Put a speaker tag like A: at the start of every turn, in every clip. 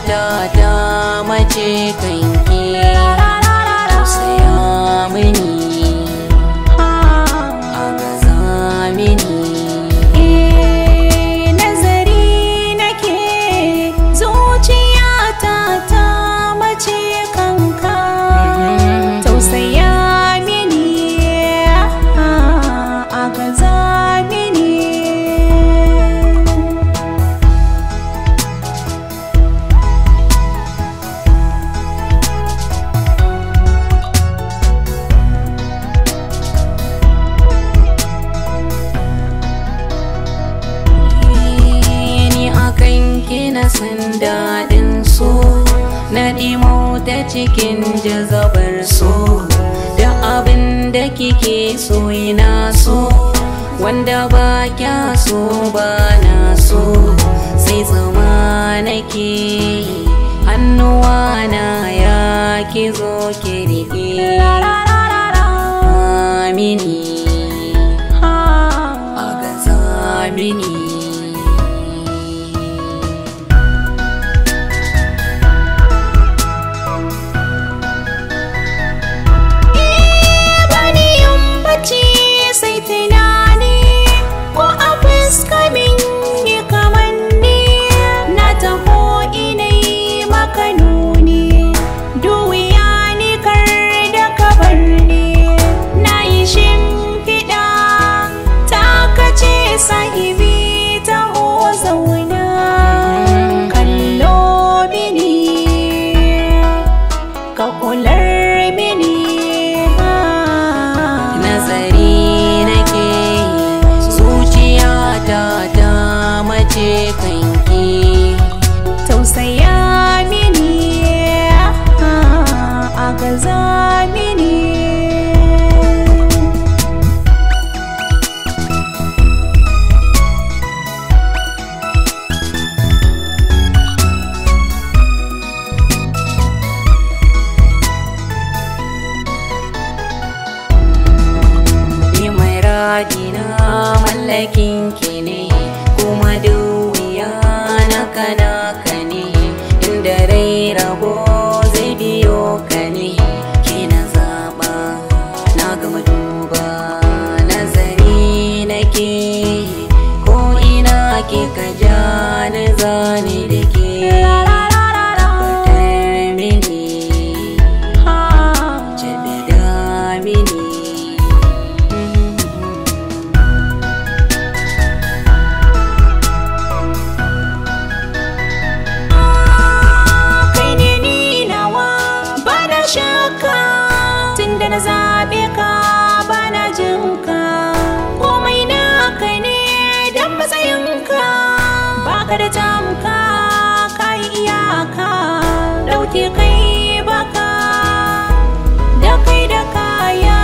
A: ta ta mace kai na san daɗin so na ɗimo ta cikin jazabar so da abin da kike so ina so wanda ba kya so ba na so sai zama nake hannuwa na ya ki zo ki amini a gaza mini
B: sahibi ta zauna kallo mini ka kular mini nazari nake
A: zuciya ta ta mace kanki
B: tausaya mini a gaza
A: mallakin ki ne kuma duniya na kana
B: ɗauki kai baka da kai da kaya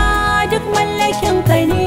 B: duk mallakin ka ne